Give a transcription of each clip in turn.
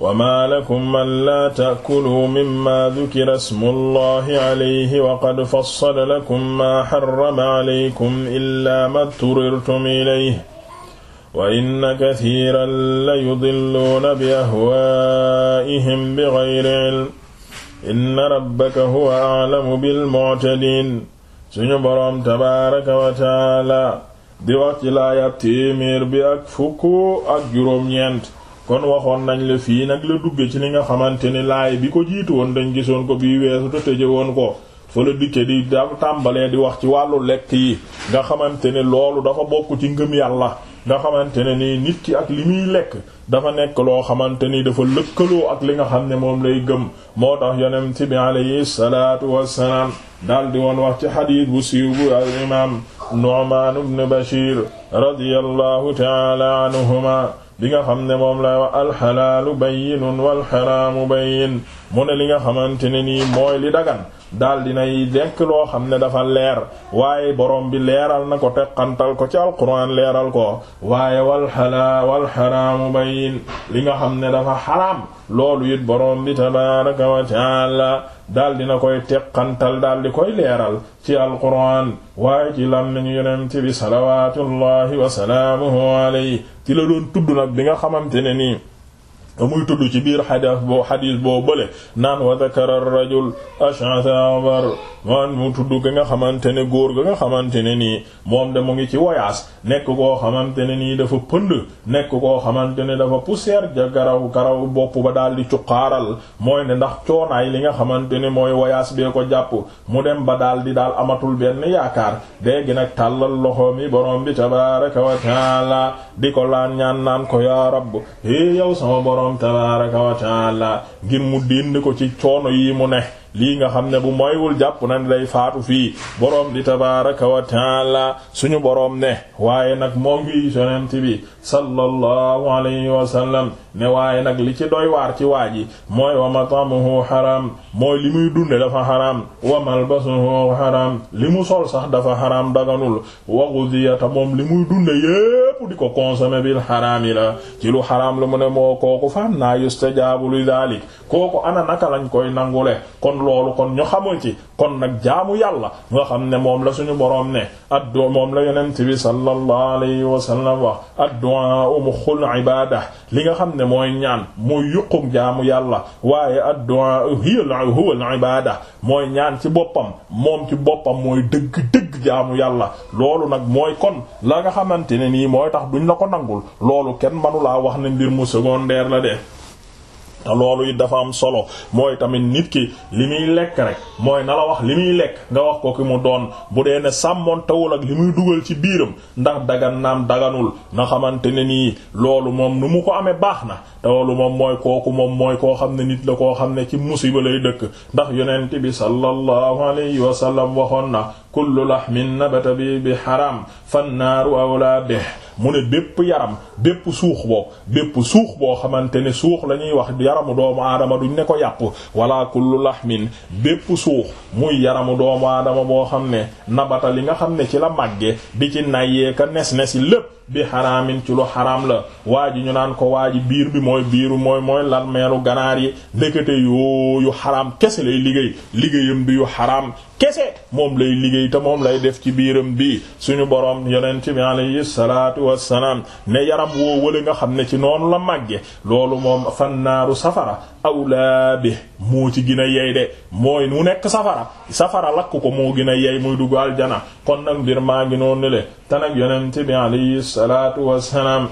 wama lakum an laa taakuluu mimma dukira smu allahi alayhi wa qad fassala lakum maa xarama alaykum illaa ma turirtum ilayhi wa inna kathiiran la yudilluuna bi ahwaa'ihim bigayri ilm inna rabbaka huwa a'lamu bilmu'tadiin suñu boroom tabaaraka wa taala di wax ci laayab téeméer bi ak fukk ak juróom-ñeent kon waxoon nañ la fii nag la dugge ci li nga xamante ne laay bi ko jiit woon dañ gisoon ko bii weesu te tëje woon ko fa la dikke di da tàmbalee di wax ci wàllu lekk yi nga xamante ne loolu dafa bokk ci ngëm yàlla nga xamante ne nii nit ki ak li muy lekk dafa nekk loo xamante ni dafa lëkkaloo ak li nga xam ne moom lay gëm moo tax yonent bi alayhi salaatu wassalaam daal di woon wax ci xadiis bu siiw bu al imaam Nu'maan ibn Bashir radiyallahu ta'ala bi nga xam ne moom la wax alxalaalu bayyinun walxaraamu bayyin mu ne li nga xamante ne ni mooy li dagan daal dinay dekk loo xam ne dafa leer waaye borom bi leeral na ko teqantal ko ci alquran leeral ko waaye wal halal wal bayin li nga xam ne dafa xaraam loolu it borom bi tabaraka wa taala daal dina koy teqantal daal di koy leeral ci alquran waaye ci lam nañu yonent bi salawatullahi alayhi ci la doon tudd nag bi nga xamante ne nii muy tudd ci biir xadiis boo xadiis boo bële naan wa dakara ar-rajul ash'atha a'bar man mu tudd ga nga xamante ne góor ga nga xamante ne nii moom de mu ngi ci voyage nekk koo xamante ne nii dafa pënd nekk koo xamante ne dafa poussière ja garaw garaw bopp ba daal di cuqaaral mooy ne ndax coonaay li nga xamante ne mooy voyage bee ko jàpp mu dem ba daal di daal amatul benn yaakaar léegi nag tàllal loxo mi borom bi tabaaraka wa taala di ko laan ñaan naan ko yaa boroom tabaaraka wa taala ngir mu dindi ko ci coono yi mu ne lii nga xam ne bu moywul jàpp na ne day faatu fii boroom di tabaaraka wa taala suñu boroom ne waaye nag moo ngi yonent bi sallallahu alayhi wa sallam ne waaye nag li ci doy waar ci waa yi mooy wa matamuhu xaram mooy li muy dunde dafa xaram wa malbasuhu xaram li mu sol sax dafa xaram daganul wa ghudiyata moom li muy dunde yépp di ko consommer bil xaraam yi la ci lu xaraam lu mu ne moo kooku faam naa yustajabu li dalik kooku ana naka lañ koy nangule kon loolu kon ñu xamul ci kon nag jaamu yàlla nga xam ne moom la suñu boroom ne addu moom la yonent bi sallallahu alayhi wa sallam wax addu'a muxul ibaada li nga xam ne mooy ñaan mooy yuqum jaamu yàlla waaye addu'a hiya huwa al ibaada mooy ñaan ci boppam moom ci boppam mooy dëgg-dëgg jaamu yàlla loolu nag mooy kon la nga xamante ne nii mooy tax duñ la ko nangul loolu kenn manu laa wax ne mbir mu secondaire la de te loolu it dafa am solo mooy tamit nit ki li muy lekk rek mooy na la wax li muy lekk nga wax ko ki mu doon bu dee ne sàmmoon tawul ak li muy dugal ci biiram ndax dagan naam daganul na xamante ne nii loolu moom nu mu ko amee baax na te loolu moom mooy kooku moom mooy koo xam ne nit la koo xam ne ci musiba lay dëkk ndax yonent bi sallallahu alayhi wa sallam waxoon na kullu miin nabata bi bi haram fannaaru awla bih mu ne bépp yaram bépp suux boo bépp suux boo xamante ne suux la ñuy wax yaramu doomu aadama duñ ne ko yàpp wala kullu miin bépp suux muy yaramu doomu aadama boo xam ne nabata li nga xam ne ci la màgge di ci nayee ka nes-nes lépp bi xaraamin ci lu xaraam la waa ji ñu naan ko waa ji biir bi mooy biiru mooy mooy lan meeru ganaar yi ndekete yoo yu xaraam kese lay liggéey liggéeyam bi yu xaraam kese moom lay liggéey te moom lay def ci biiram bi suñu borom yonent bi alayhi salaatu wassalaam ne yaram woo wala nga xam ne ci noonu la màgge loolu moom fannaaru safara awlaa bi moo ci gën de mooy nekk safara safara lakk ko moo gën a yey muy dugg aljana kon nag mbir maa ngi noonu le te nag yonent bi salaatu wassalaam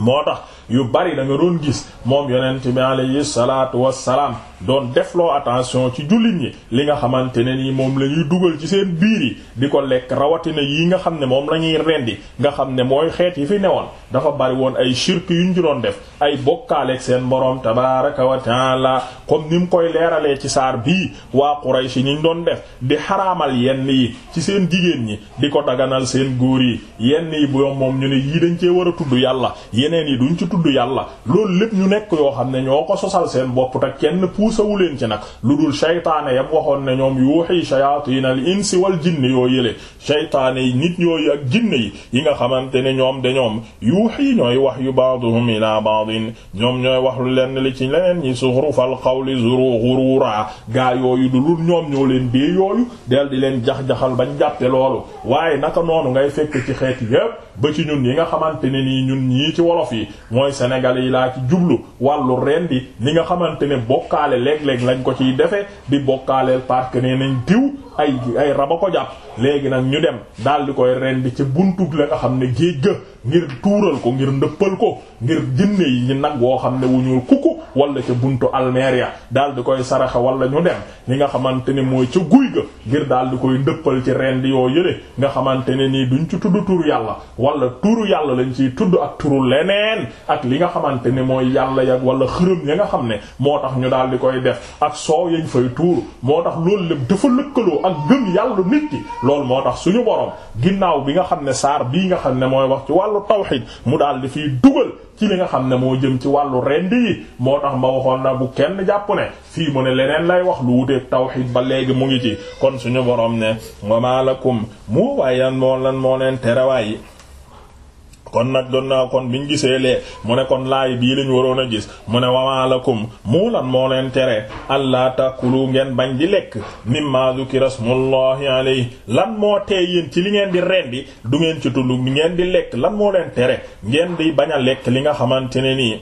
moo tax yu bari da nga doon gis moom yonent bi alayhi salaatu wassalaam doon defloo attention ci jullit ñi li nga xamante ne nii moom la ñuy dugal ci seen biir yi di ko lekk rawatina yi nga xam ne moom la ñuy rendi nga xam ne mooy xeet yi fi ne woon dafa bari woon ay shirk yu ñu ci doon def ay bokkaaleeg seen boroom tabaraka wa la comme ni mu koy leeralee ci saar bii waa Quraysh yi ñu doon def di xaraamal yenn yi ci seen jigéen ñi di ko daganal seen góor yi yenn yi boo moom ñu ne yii dañ cee war a tudd yàlla yeneen yi duñ ci tudd yàlla loolu puusawu leen ci nag lu dul saytaane yam waxoon na ñoom yuuxi shayaatiinal insi wal jinni yoo yële saytaane yi nit yooyu ak jinne yi yi nga xamante ne ñoom de ñoom yuuxi ñooy wax yu baaduhum ilaa baadin ñoom ñooy wax lu lenn li ci leneen ñi zuxrufal qawli zuru ghuruura gaa yooyu du lu ñoom ñoo leen dee yooyu del di leen jax-jaxal bañ jàppe loolu waaye naka noonu ngay fekk ci xeet yépp ba ci ñun yi nga xamante ne nii ñun ñii ci wolof yi mooy Sénégal yi laa ci jublu wàllu ren bi li nga xamante ne bokkaale léeg-léeg lañ ko ciy defee di bokkaaleel parce que nee nañ diw ay ay raba ko jàpp léegi nag ñu dem daal di koy rendi ci buntug la nga xam ne géej ga ngir tuural ko ngir ndëppal ko ngir jinne yi nag woo xam ne wu ñuul kuku wala ca buntu almeer ya daal di koy saraxa walla ñu dem li nga xamante ne mooy ca guy ga ngir daal di koy ndëppal ci rendi yoo yële nga xamante ne nii duñ ci tudd tuur yàlla wala turu yàlla lañ ciy tudd ak turu leneen ak li nga xamante ne mooy yàlla yag wala xërëm ya nga xam ne moo tax ñu daal di koy def ak gëm yàlla loolu moo tax suñu borom ginnaaw bi nga xam ne saar bii nga xam ne mooy wax ci wàllu tawxid mu daal di fiy dugal ci li nga xam ne moo jëm ci wàllu rend yi moo tax ma waxoon na bu kenn jàpp ne fii mu ne leneen lay wax lu wuteeg tawxid ba léegi mu ngi ci kon suñu boroom ne wa ma lakum mu waaye moo lan moo leen terewaay yi kon nag doon naa kon ñu gisee lee mu ne kon laay bii lañ waroon a gis mu ne wamaa lakum mu lan moo leen tere allah takulu ngeen bañ di lekk mimma zukira smullahi alayhi lan moo tee yéen ci li ngeen di rendi du ngeen ci tullu ngeen di lekk lan moo leen tere ngeen di bañ a lekk li nga xamante ne nii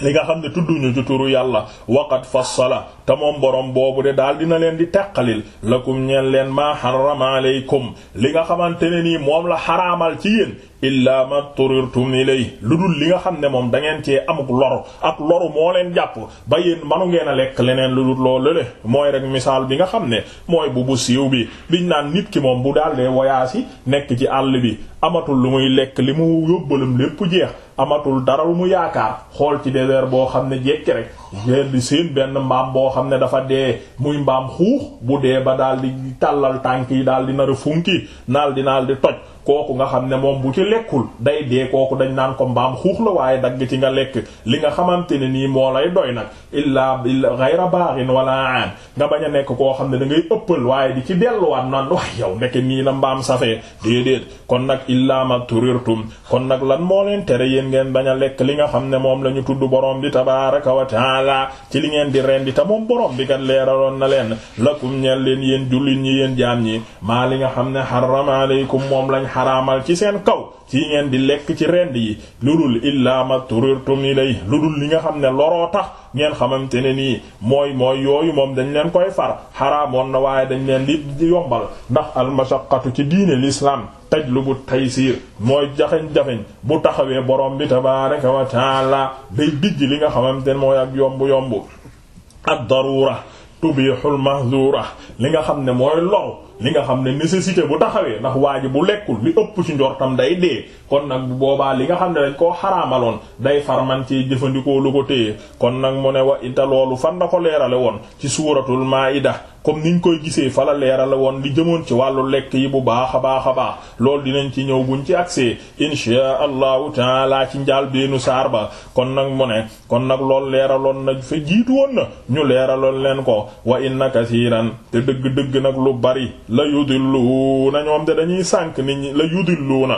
li nga xam ne tudduñu ci turu yàlla waqad fassala te moom borom boobu de daal dina leen di teqalil lakum ñeen leen maa harrama aleykum li nga xamante ne nii moom la xaraamal ci yéen illaa ma turirtum ilay lu dul li nga xam ne moom da ngeen cee amuk loru ak loru moo leen jàpp ba yéen manu ngeen a lekk leneen lu dul loolu le mooy rek misaal bi nga xam ne mooy bu bu siiw bi biñ naan nit ki moom bu daal dee voyage yi nekk ci àll bi amatul lu muy lekk li mu yóbbalam lépp jeex amatul dara lu mu yaakaar xool ci désert boo xam ne jekki rek jéer di seen benn mbaam boo xam ne dafa dee muy mbaam xuux bu dee ba daal di tàllal tànk yi daal di nar a funki naal di naal di toj kooku nga xam ne moom bu ci lekkul day dee kooku dañ naan ko mbaam xuux la waaye dagg ci nga lekk li nga xamante ne nii moo lay doy nag illaa ghayra baghin wala an nga bañ a nekk koo xam ne dangay ëppal waaye di ci delluwaat naan wax yow nekk nii la mbaam safee déedéet kon nag illaa ma turirtum kon nag lan moo leen tere yéen ngeen bañ a lekk li nga xam ne moom la ñu tudd boroom bi tabaraka wa taala ci li ngeen di rendi ta moom boroom bi kat leeraloon na leen lakum leen yéen jullit ñi yéen jaam ñi xaraamal ci seen kaw ci ngeen di lekk ci rend yi lu dul illaa ma turirtum ilay lu dul li nga xam ne loroo tax ngeen xamante ne nii mooy mooy yooyu moom dañ leen koy far xaraamoon na waaye dañ leen di di yombal ndax al almashaqqatu ci diine l'islam tajlubu taysiir mooy jaxeñ-jaxeñ bu taxawee borom bi tabaaraka wa taala day dijj li nga xamante ne mooy ak yomb-yomb ad darura tubihul mahzura li nga xam ne mooy low li nga xam ne nécessité bu taxawee ndax waa ji bu lekkul li ëpp ci njortam day dee kon nag bu boobaa li nga xam ne dañ koo xaraamaloon day man ci jëfandikoo lu ko téye kon nag mu ne wa inta loolu fan na ko leerale woon ci suuratul ida comme niñ koy gisee fa la leerala woon li jëmoon ci wàllu lekk yi bu baax a baax a baax loolu dinañ ci ñëw buñ ci agsee insha allahu taala ci njaal beenu saar ba kon nag mu ne kon nag lool leeraloon na fa jiitu woon na ñu leeraloon leen ko wa inna kasiiran te dëgg-dëgg nag lu bari la yudilluuna ñoom de dañuy sànk nit ñi la yudilluuna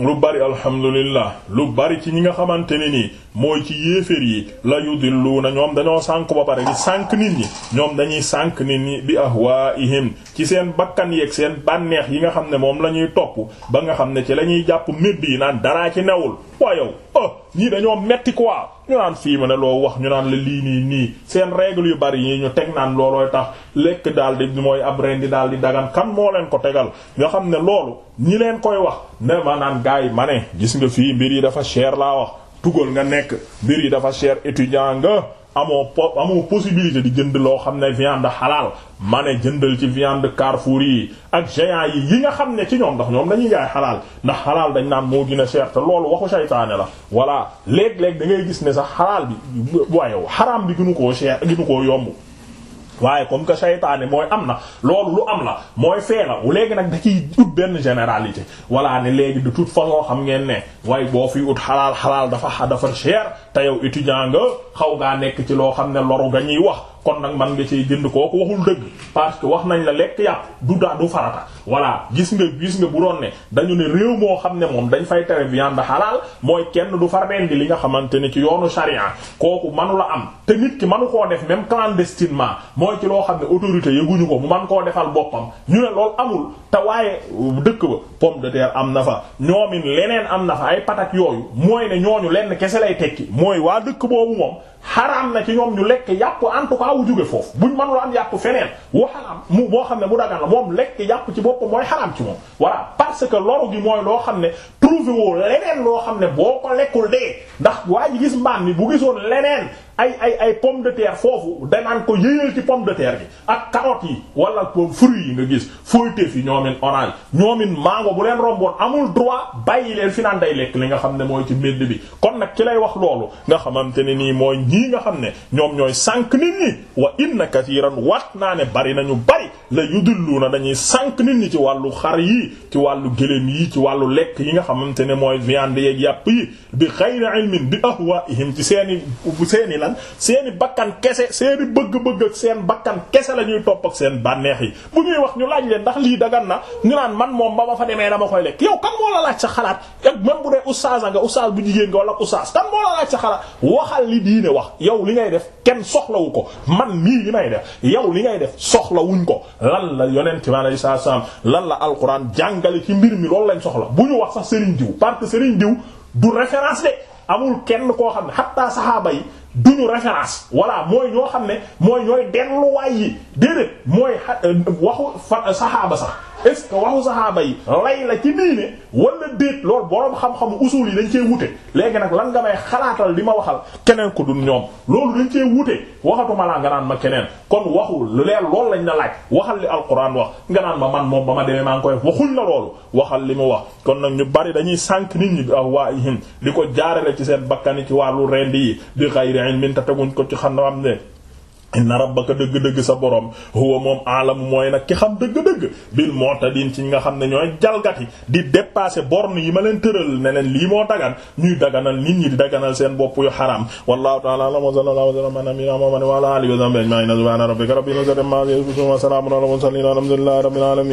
lu bari alhamdulillah lu bari ci ñi nga xamante ne nii mooy ci yéeféer yi la yudilluuna ñoom dañoo sànk ba pare di sànk nit ñi ñoom dañuy sànk nit ñi bi ahwaa'ihim ci seen bakkan yeeg seen bànneex yi nga xam ne moom la ñuy topp ba nga xam ne ci la ñuy jàpp médd yi naan dara ci newul waayow oh ñii dañoo metti quoi ñu naan fii ma ne loo wax ñu naan la lii nii nii seen règle yu bari yi ñu teg naan loolooy tax lekk daal di mooy ab rendi daal di dagan kan moo leen ko tegal nga xam ne loolu ñi leen koy wax ne ma naan gars yi ma ne gis nga fii mbir yi dafa cher laa wax tugal nga nekk mbir yi dafa cher étudiant nga amoo po amoo possibilité di jënd loo xam ne viande xalaal ma ne jëndal ci viande Carrefour yi ak géant yi yi nga xam ne ci ñoom ndax ñoom dañuy jaay xalaal ndax xalaal dañ naan moo gën a cher te loolu waxu saytaane la voilà léeg-léeg da ngay gis ne sax xalaal bi waaye xaraam bi gënu koo cher gënu koo yomb waaye comme que saytaane mooy am na loolu lu am na mooy fee wu léegi nag da ciy ut benn généralité voilà ne léegi de fa façon xam ngeen ne waaye boo fi ut xalaal xalaal dafa dafa cher te yow étudiant nga xaw ngaa nekk ci loo xam ne looru nga ñuy wax. kon nag man nga cee jënd kooku waxul dëgg parce que wax nañ la lekk yàpp du daa du farata voilà gis nga gis nga bu doon ne dañu ne réew moo xam ne moom dañ fay tere viande xalaal mooy kenn du far rendi li nga xamante ne ci yoonu sharia kooku manu la am te nit ki manu koo def même clandestinement mooy ci loo xam ne autorité yëguñu ko mu man koo defal boppam ñu ne loolu amul te waaye dëkk ba pomme de terre am na fa ñoomin leneen am na fa ay patak yooyu mooy ne ñooñu lenn kese lay tekki mooy waa dëkk boobu moom xaraam na ci ñoom ñu lekk yàpp en tout cas wu jóge foofu buñ mënul am yàpp feneen wu xaraam mu boo xam ne bu dagan la moom lekk yàpp ci boppam mooy xaraam ci moom voilà parce que loru gi mooy loo xam ne trouvé woo leneen loo xam ne boo ko lekkul dee ndax waa ji gis mbaam mi bu gisoon leneen ay ay ay pomme de terre foofu danaan ko yéyal ci pomme de terre bi ak carotte yi ak pomme fruits yi nga gis fooyteef yi ñoomin orange ñoomin mango bu leen romboon amul droit bàyyi leen fi naan day lekk li nga xam ne mooy ci mbedd bi kon nag ci lay wax loolu nga xamante ne nii mooy ñii nga xam ne ñoom ñooy sànq nit ñi wa inna katiran wat naa ne bari nañu bari la yudilluuna dañuy sànq nit ñi ci wàllu xar yi ci wàllu gëléem yi ci wàllu lekk yi nga xamante ne mooy viande yeeg yàpp yi bi xayri ilmin bi ahwaihim ci seen i seen i lan seeni bakkan kese seen bëgg-bëgg ak seen bakkan kese la ñuy topp ak seen bànneex yi bu ñuy wax ñu laaj leen ndax lii dagan na ñu naan man moom ba ma fa demee dama koy lekk yow kan moo la laaj sa xalaat ak même bu dee oustaz nga oustaz bu jigéen nga wala oustaz kan moo la laaj sa xalaat waxal li diine wax yow li ngay def kenn soxlawu ko man mii li may def yow li ngay def soxlawuñ ko lan la yonent bi alayhi salaam lan la alquran jàngale ci mbir mi loolu lañ soxla bu ñu wax sax Serigne Diou parce que Serigne Diou du référence de amul kenn koo xam ne xatta saxaaba yi duñu référence voilà mooy ñoo xam ne mooy ñooy delluwaay yi déedéet mooy euh, waxu saxaaba sax. est-ce que waxu saxaaba yi oh. lay la ci diine wala déet loolu boroom xam-xamu usul yi dañ cee wute léegi nag lan nga may xalaatal li ma waxal keneen ku dun ñoom loolu dañ cee wute waxatuma laa nga naan ma keneen kon waxu leer loolu lañ la laaj waxal li alquran wax nga naan ma man moom ba ma demee maa ngi koy waxuñ la loolu waxal li mu wax kon nag ñu bari dañuy sànk nit ñi ah waa ihim di ko jaarale ci seen bakkani ci wàllu rendi yi di xayri ilmin te teguñ ci xam na am inna rabbaka dëgg-dëgg sa borom huwa moom aalamu mooy nag ki xam dëgg-dëgg bil mu'tadin ci nga xam ne ñooy jalgati di dépasser borne yi ma leen tëral ne lii moo dagan ñuy daganal nit ñi di daganal seen bopp yu xaraam wallahu ta'ala a'lam wa sallallahu alayhi wa sallam wa ala alihi wa sahbihi ajma'in subhana rabbika rabbil izzati amma yasifun wa salamun ala al mursalin alhamdulillahi rabbil alamin